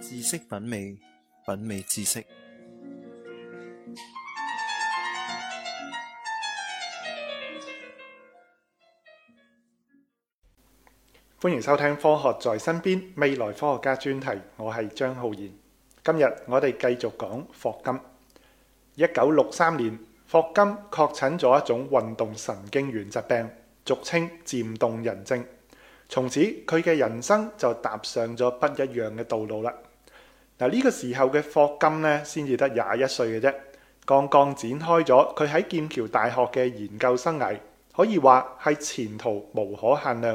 知識品味，品味知識。歡迎收聽《科學在身邊》未來科學家專題，我係張浩然。今日我哋繼續講霍金。一九六三年，霍金確診咗一種運動神經元疾病，俗稱漸凍人症。從此佢嘅人生就踏上咗不一樣嘅道路啦。嗱，呢個時候嘅霍金咧，先至得廿一歲嘅啫。剛剛展開咗佢喺劍橋大學嘅研究生涯，可以話係前途無可限量。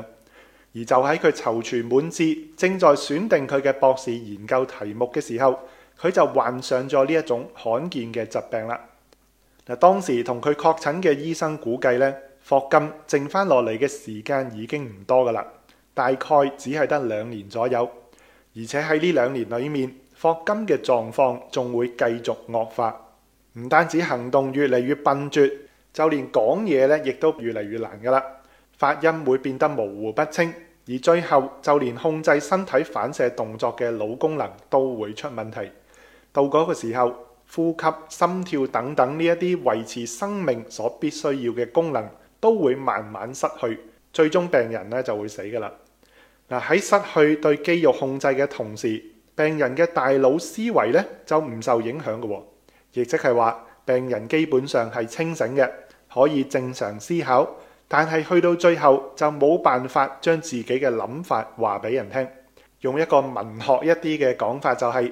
而就喺佢躊躇滿志，正在選定佢嘅博士研究題目嘅時候，佢就患上咗呢一種罕見嘅疾病啦。嗱，當時同佢確診嘅醫生估計呢，霍金剩返落嚟嘅時間已經唔多㗎喇。大概只係得兩年左右，而且喺呢兩年裏面，霍金嘅狀況仲會繼續惡化。唔單止行動越嚟越笨拙，就連講嘢呢，亦都越嚟越難㗎喇。發音會變得模糊不清，而最後就連控制身體反射動作嘅腦功能都會出問題。到嗰個時候，呼吸、心跳等等呢一啲維持生命所必須要嘅功能都會慢慢失去，最終病人呢就會死㗎喇。嗱，喺失去對肌肉控制嘅同時，病人嘅大腦思維咧就唔受影響嘅，亦即係話病人基本上係清醒嘅，可以正常思考，但係去到最後就冇辦法將自己嘅諗法話俾人聽。用一個文學一啲嘅講法，就係，就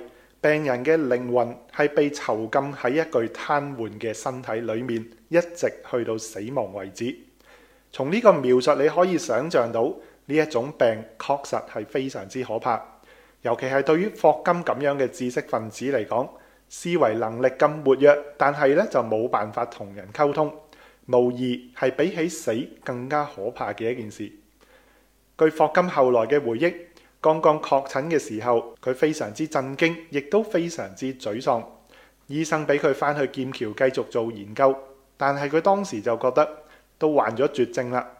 係病人嘅靈魂係被囚禁喺一具癱瘓嘅身體裏面，一直去到死亡為止。從呢個描述，你可以想象到。呢一種病確實係非常之可怕，尤其係對於霍金咁樣嘅知識分子嚟講，思維能力咁活躍，但係咧就冇辦法同人溝通，無疑係比起死更加可怕嘅一件事。據霍金後來嘅回憶，剛剛確診嘅時候，佢非常之震驚，亦都非常之沮喪。醫生俾佢返去劍橋繼續做研究，但係佢當時就覺得都患咗絕症啦。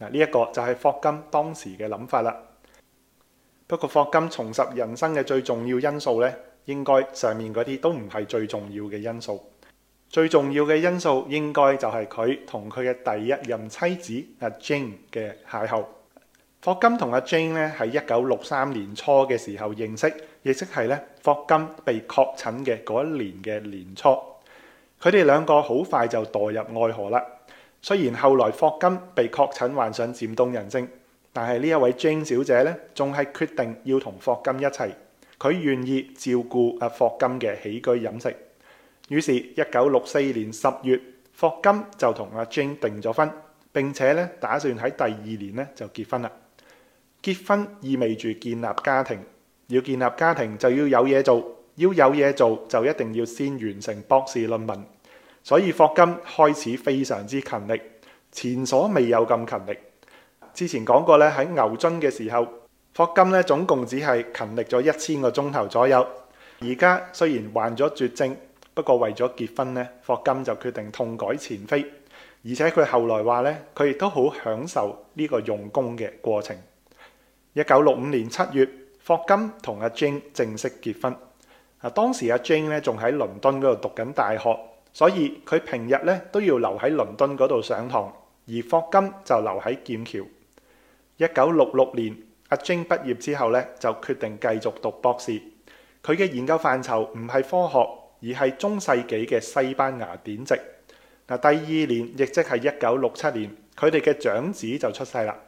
嗱，呢一個就係霍金當時嘅諗法啦。不過霍金重拾人生嘅最重要因素呢，應該上面嗰啲都唔係最重要嘅因素。最重要嘅因素應該就係佢同佢嘅第一任妻子阿 Jane 嘅邂逅。霍金同阿 Jane 呢，喺一九六三年初嘅時候認識，亦即係呢，霍金被確診嘅嗰一年嘅年初，佢哋兩個好快就墮入愛河啦。雖然後來霍金被確診患上漸凍人症，但係呢一位 Jane 小姐咧，仲係決定要同霍金一齊。佢願意照顧阿霍金嘅起居飲食。於是一九六四年十月，霍金就同阿 Jane 訂咗婚，並且咧打算喺第二年咧就結婚啦。結婚意味住建立家庭，要建立家庭就要有嘢做，要有嘢做就一定要先完成博士論文。所以霍金開始非常之勤力，前所未有咁勤力。之前講過咧，喺牛津嘅時候，霍金咧總共只係勤力咗一千個鐘頭左右。而家雖然患咗絕症，不過為咗結婚咧，霍金就決定痛改前非，而且佢後來話咧，佢亦都好享受呢個用功嘅過程。一九六五年七月，霍金同阿 Jane 正式結婚。啊，當時阿 Jane 咧仲喺倫敦嗰度讀緊大學。所以佢平日咧都要留喺倫敦嗰度上堂，而霍金就留喺劍橋。一九六六年阿 Jane、啊、畢業之後咧，就決定繼續讀博士。佢嘅研究範疇唔係科學，而係中世紀嘅西班牙典籍。嗱，第二年，亦即係一九六七年，佢哋嘅長子就出世啦。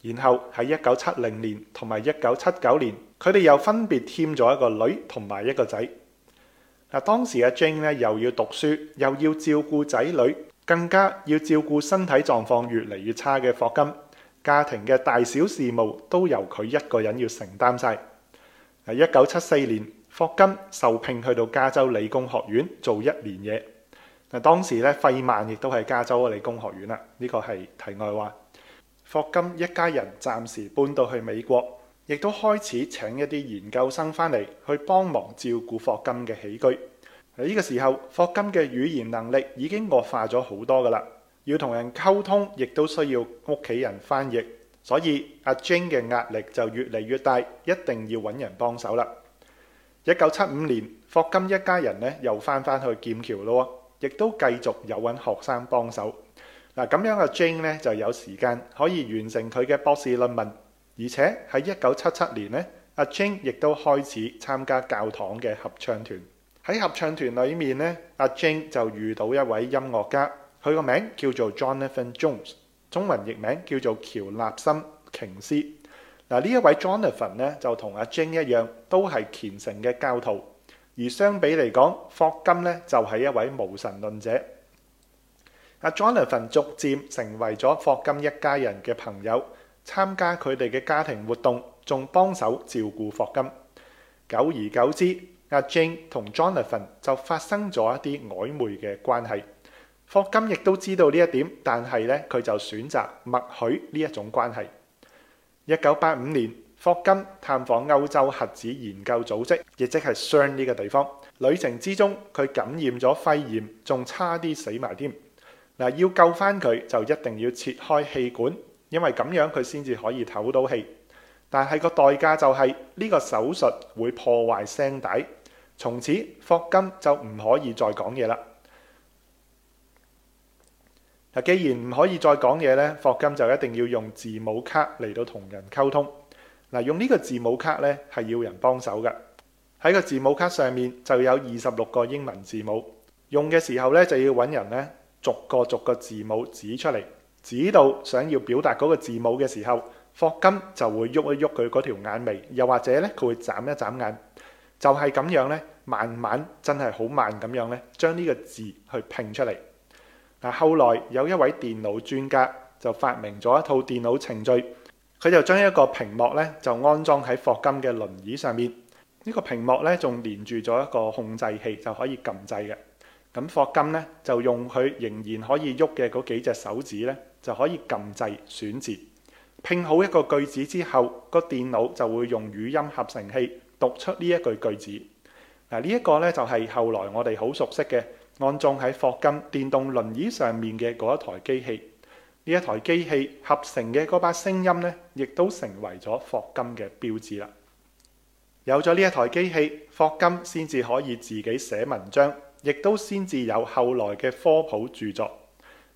然後喺一九七零年同埋一九七九年，佢哋又分別添咗一個女同埋一個仔。嗱，當時阿 Jane 咧又要讀書，又要照顧仔女，更加要照顧身體狀況越嚟越差嘅霍金，家庭嘅大小事務都由佢一個人要承擔晒。嗱，一九七四年，霍金受聘去到加州理工學院做一年嘢。嗱，當時咧，費曼亦都係加州理工學院啦，呢個係題外話。霍金一家人暫時搬到去美國，亦都開始請一啲研究生翻嚟去幫忙照顧霍金嘅起居。呢個時候，霍金嘅語言能力已經惡化咗好多噶啦，要同人溝通亦都需要屋企人翻譯，所以阿 Jane 嘅壓力就越嚟越大，一定要揾人幫手啦。一九七五年，霍金一家人咧又翻翻去劍橋咯，亦都繼續有揾學生幫手。嗱，咁樣阿 Jane 咧就有時間可以完成佢嘅博士論文。而且喺一九七七年咧，阿 Jane 亦都開始參加教堂嘅合唱團。喺合唱團裏面咧，阿 Jane 就遇到一位音樂家，佢個名叫做 Jonathan Jones，中文譯名叫做喬納森瓊斯。嗱呢一位 Jonathan 咧就同阿 Jane 一樣，都係虔誠嘅教徒。而相比嚟講，霍金咧就係一位無神論者。阿 Jonathan 逐漸成為咗霍金一家人嘅朋友。參加佢哋嘅家庭活動，仲幫手照顧霍金。久而久之，阿 Jane 同 Jonathan 就發生咗一啲曖昧嘅關係。霍金亦都知道呢一點，但係咧佢就選擇默許呢一種關係。一九八五年，霍金探訪歐洲核子研究組織，亦即係 CERN 呢個地方。旅程之中，佢感染咗肺炎，仲差啲死埋添。嗱，要救翻佢就一定要切開氣管。因為咁樣佢先至可以唞到氣，但係個代價就係呢個手術會破壞聲帶，從此霍金就唔可以再講嘢啦。嗱，既然唔可以再講嘢呢，霍金就一定要用字母卡嚟到同人溝通。嗱，用呢個字母卡呢係要人幫手嘅。喺個字母卡上面就有二十六個英文字母，用嘅時候呢就要揾人呢逐個逐個字母指出嚟。指到想要表達嗰個字母嘅時候，霍金就會喐一喐佢嗰條眼眉，又或者咧佢會眨一眨眼，就係咁樣咧，慢慢真係好慢咁樣咧，將呢個字去拼出嚟。嗱，後來有一位電腦專家就發明咗一套電腦程序，佢就將一個屏幕咧就安裝喺霍金嘅輪椅上面，呢個屏幕咧仲連住咗一個控制器就可以撳掣嘅。咁霍金咧就用佢仍然可以喐嘅嗰幾隻手指咧，就可以撳掣、選字，拼好一個句子之後，個電腦就會用語音合成器讀出呢一句句子。嗱，呢一個呢，就係後來我哋好熟悉嘅，安裝喺霍金電動輪椅上面嘅嗰一台機器。呢一台機器合成嘅嗰把聲音呢，亦都成為咗霍金嘅標誌啦。有咗呢一台機器，霍金先至可以自己寫文章，亦都先至有後來嘅科普著作。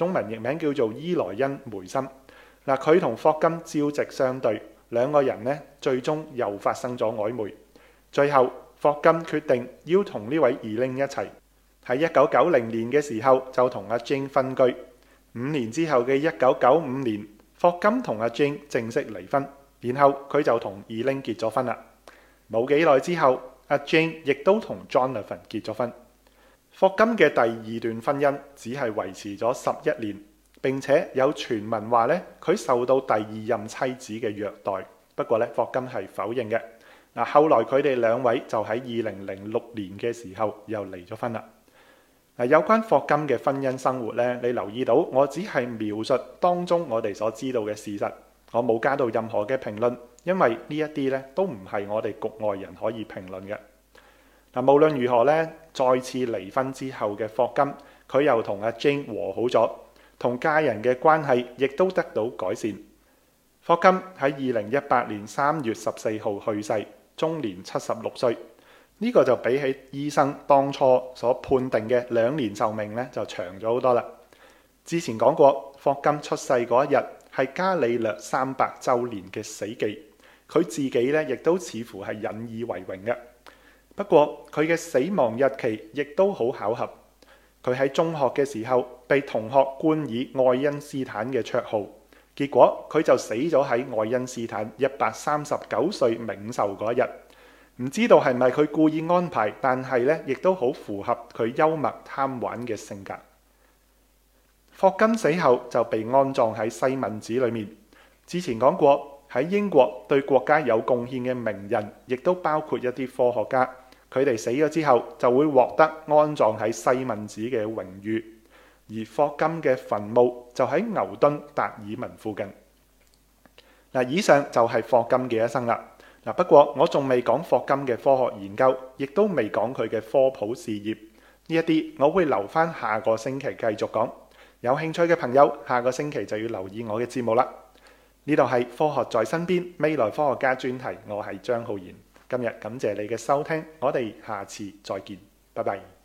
中文譯名叫做伊萊恩梅森。嗱，佢同霍金朝夕相對，兩個人咧最終又發生咗曖昧。最後，霍金決定要同呢位二鈴一齊。喺一九九零年嘅時候，就同阿 Jane 分居。五年之後嘅一九九五年，霍金同阿 Jane 正式離婚。然後佢就同二鈴結咗婚啦。冇幾耐之後，阿 Jane 亦都同 Jonathan 結咗婚。霍金嘅第二段婚姻只係維持咗十一年，並且有傳聞話咧佢受到第二任妻子嘅虐待。不過咧霍金係否認嘅。嗱，後來佢哋兩位就喺二零零六年嘅時候又離咗婚啦。嗱，有關霍金嘅婚姻生活咧，你留意到我只係描述當中我哋所知道嘅事實，我冇加到任何嘅評論，因為呢一啲咧都唔係我哋局外人可以評論嘅。嗱，無論如何咧。再次離婚之後嘅霍金，佢又同阿 Jane 和好咗，同家人嘅關係亦都得到改善。霍金喺二零一八年三月十四號去世，終年七十六歲。呢、這個就比起醫生當初所判定嘅兩年壽命呢，就長咗好多啦。之前講過，霍金出世嗰一日係伽利略三百週年嘅死忌，佢自己呢亦都似乎係引以為榮嘅。不過佢嘅死亡日期亦都好巧合，佢喺中學嘅時候被同學冠以愛因斯坦嘅綽號，結果佢就死咗喺愛因斯坦一百三十九歲冥壽嗰一日。唔知道係咪佢故意安排，但係呢亦都好符合佢幽默貪玩嘅性格。霍金死後就被安葬喺西敏寺裏面。之前講過，喺英國對國家有貢獻嘅名人，亦都包括一啲科學家。佢哋死咗之後，就會獲得安葬喺西敏寺嘅榮譽，而霍金嘅墳墓就喺牛頓、達爾文附近。嗱，以上就係霍金嘅一生啦。嗱，不過我仲未講霍金嘅科學研究，亦都未講佢嘅科普事業呢一啲，我會留返下個星期繼續講。有興趣嘅朋友，下個星期就要留意我嘅節目啦。呢度係科學在身邊未來科學家專題，我係張浩然。今日感謝你嘅收聽，我哋下次再見，拜拜。